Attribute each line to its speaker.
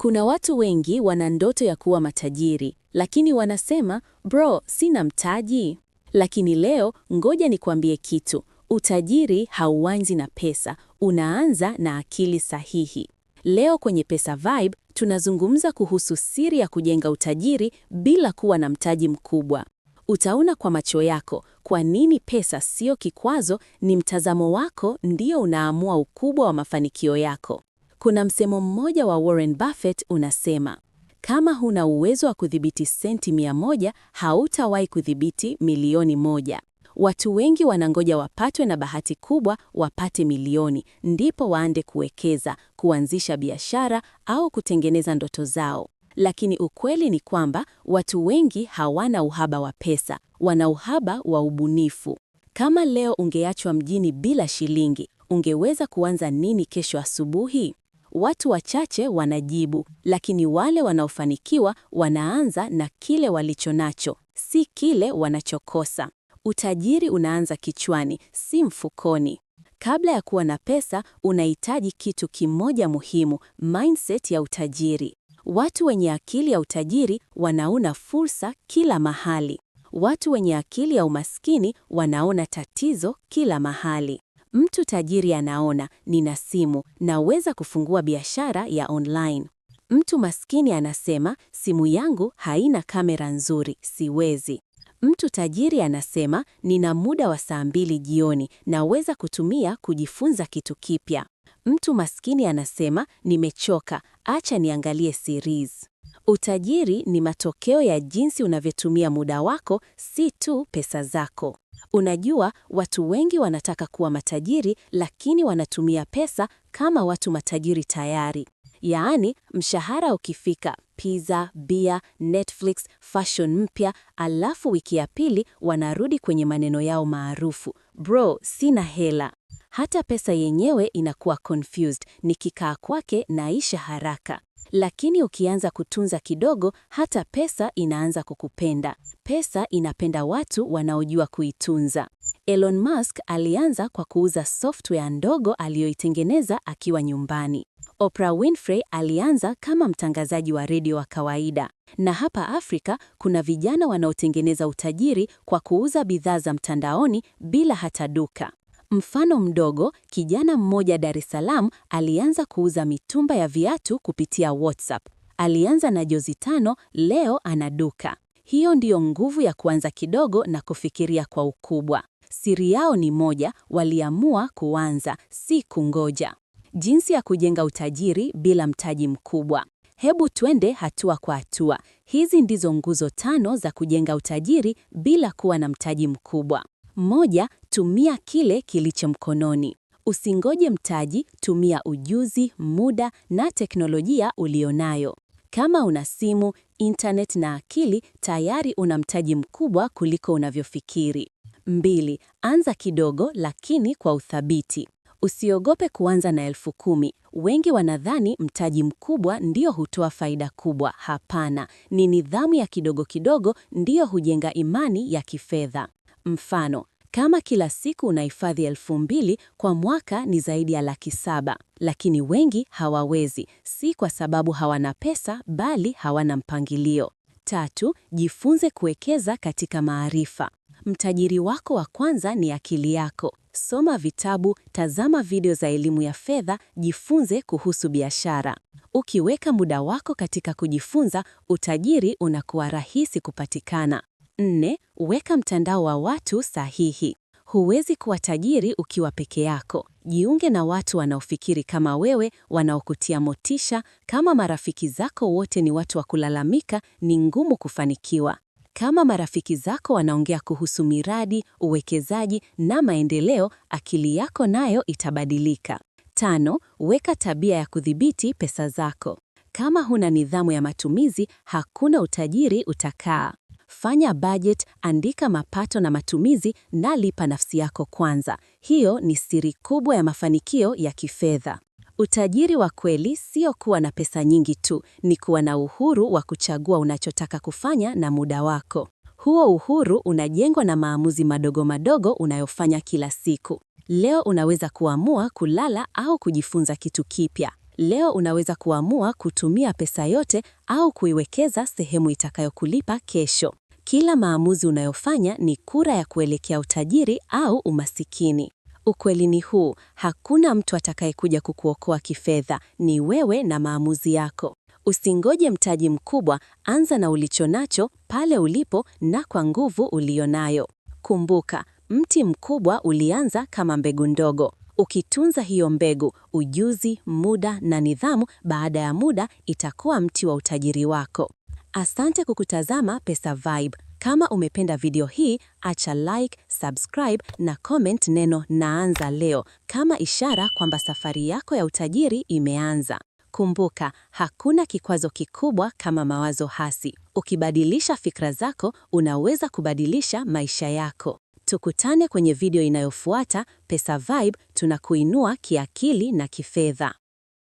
Speaker 1: Kuna watu wengi wana ndoto ya kuwa matajiri, lakini wanasema bro, sina mtaji. Lakini leo ngoja nikwambie kitu, utajiri hauanzi na pesa, unaanza na akili sahihi. Leo kwenye Pesa Vibe tunazungumza kuhusu siri ya kujenga utajiri bila kuwa na mtaji mkubwa. Utaona kwa macho yako kwa nini pesa sio kikwazo, ni mtazamo wako ndio unaamua ukubwa wa mafanikio yako. Kuna msemo mmoja wa Warren Buffett unasema, kama huna uwezo wa kudhibiti senti mia moja, hautawahi kudhibiti milioni moja. Watu wengi wanangoja wapatwe na bahati kubwa, wapate milioni, ndipo waande kuwekeza, kuanzisha biashara au kutengeneza ndoto zao. Lakini ukweli ni kwamba watu wengi hawana uhaba wa pesa, wana uhaba wa ubunifu. Kama leo ungeachwa mjini bila shilingi, ungeweza kuanza nini kesho asubuhi? Watu wachache wanajibu, lakini wale wanaofanikiwa wanaanza na kile walicho nacho si kile wanachokosa. Utajiri unaanza kichwani, si mfukoni. Kabla ya kuwa na pesa, unahitaji kitu kimoja muhimu, mindset ya utajiri. Watu wenye akili ya utajiri wanaona fursa kila mahali. Watu wenye akili ya umaskini wanaona tatizo kila mahali. Mtu tajiri anaona nina simu, naweza kufungua biashara ya online. Mtu maskini anasema simu yangu haina kamera nzuri, siwezi. Mtu tajiri anasema nina muda wa saa mbili jioni, naweza kutumia kujifunza kitu kipya. Mtu maskini anasema nimechoka, acha niangalie series. Utajiri ni matokeo ya jinsi unavyotumia muda wako, si tu pesa zako. Unajua, watu wengi wanataka kuwa matajiri, lakini wanatumia pesa kama watu matajiri tayari. Yaani, mshahara ukifika, pizza, bia, Netflix, fashion mpya, alafu wiki ya pili wanarudi kwenye maneno yao maarufu, bro, sina hela. Hata pesa yenyewe inakuwa confused, nikikaa kwake naisha haraka lakini ukianza kutunza kidogo, hata pesa inaanza kukupenda. Pesa inapenda watu wanaojua kuitunza. Elon Musk alianza kwa kuuza software ndogo aliyoitengeneza akiwa nyumbani. Oprah Winfrey alianza kama mtangazaji wa redio wa kawaida. Na hapa Afrika kuna vijana wanaotengeneza utajiri kwa kuuza bidhaa za mtandaoni bila hata duka. Mfano mdogo, kijana mmoja Dar es Salaam alianza kuuza mitumba ya viatu kupitia WhatsApp. Alianza na jozi tano, leo ana duka. Hiyo ndiyo nguvu ya kuanza kidogo na kufikiria kwa ukubwa. Siri yao ni moja, waliamua kuanza, si kungoja. Jinsi ya kujenga utajiri bila mtaji mkubwa. Hebu twende hatua kwa hatua. Hizi ndizo nguzo tano za kujenga utajiri bila kuwa na mtaji mkubwa. Moja, Tumia kile kilicho mkononi. Usingoje mtaji, tumia ujuzi, muda na teknolojia ulionayo. Kama una simu, internet na akili, tayari una mtaji mkubwa kuliko unavyofikiri. Mbili, anza kidogo lakini kwa uthabiti. Usiogope kuanza na elfu kumi. Wengi wanadhani mtaji mkubwa ndio hutoa faida kubwa. Hapana, ni nidhamu ya kidogo kidogo ndiyo hujenga imani ya kifedha. Mfano, kama kila siku unahifadhi elfu mbili kwa mwaka ni zaidi ya laki saba, lakini wengi hawawezi, si kwa sababu hawana pesa, bali hawana mpangilio. Tatu, jifunze kuwekeza katika maarifa. Mtajiri wako wa kwanza ni akili yako. Soma vitabu, tazama video za elimu ya fedha, jifunze kuhusu biashara. Ukiweka muda wako katika kujifunza, utajiri unakuwa rahisi kupatikana. Nne, Weka mtandao wa watu sahihi. Huwezi kuwa tajiri ukiwa peke yako. Jiunge na watu wanaofikiri kama wewe, wanaokutia motisha. Kama marafiki zako wote ni watu wa kulalamika, ni ngumu kufanikiwa. Kama marafiki zako wanaongea kuhusu miradi, uwekezaji na maendeleo, akili yako nayo itabadilika. Tano, weka tabia ya kudhibiti pesa zako. Kama huna nidhamu ya matumizi, hakuna utajiri utakaa fanya budget, andika mapato na matumizi na lipa nafsi yako kwanza. Hiyo ni siri kubwa ya mafanikio ya kifedha. Utajiri wa kweli sio kuwa na pesa nyingi tu, ni kuwa na uhuru wa kuchagua unachotaka kufanya na muda wako. Huo uhuru unajengwa na maamuzi madogo madogo unayofanya kila siku. Leo unaweza kuamua kulala au kujifunza kitu kipya. Leo unaweza kuamua kutumia pesa yote au kuiwekeza sehemu itakayokulipa kesho. Kila maamuzi unayofanya ni kura ya kuelekea utajiri au umasikini. Ukweli ni huu, hakuna mtu atakayekuja kukuokoa kifedha, ni wewe na maamuzi yako. Usingoje mtaji mkubwa, anza na ulicho nacho pale ulipo na kwa nguvu ulionayo. Kumbuka, mti mkubwa ulianza kama mbegu ndogo. Ukitunza hiyo mbegu, ujuzi, muda na nidhamu, baada ya muda itakuwa mti wa utajiri wako. Asante kukutazama Pesa Vibe. Kama umependa video hii, acha like, subscribe na comment neno naanza leo kama ishara kwamba safari yako ya utajiri imeanza. Kumbuka, hakuna kikwazo kikubwa kama mawazo hasi. Ukibadilisha fikra zako, unaweza kubadilisha maisha yako. Tukutane kwenye video inayofuata Pesa Vibe, tunakuinua kiakili na kifedha.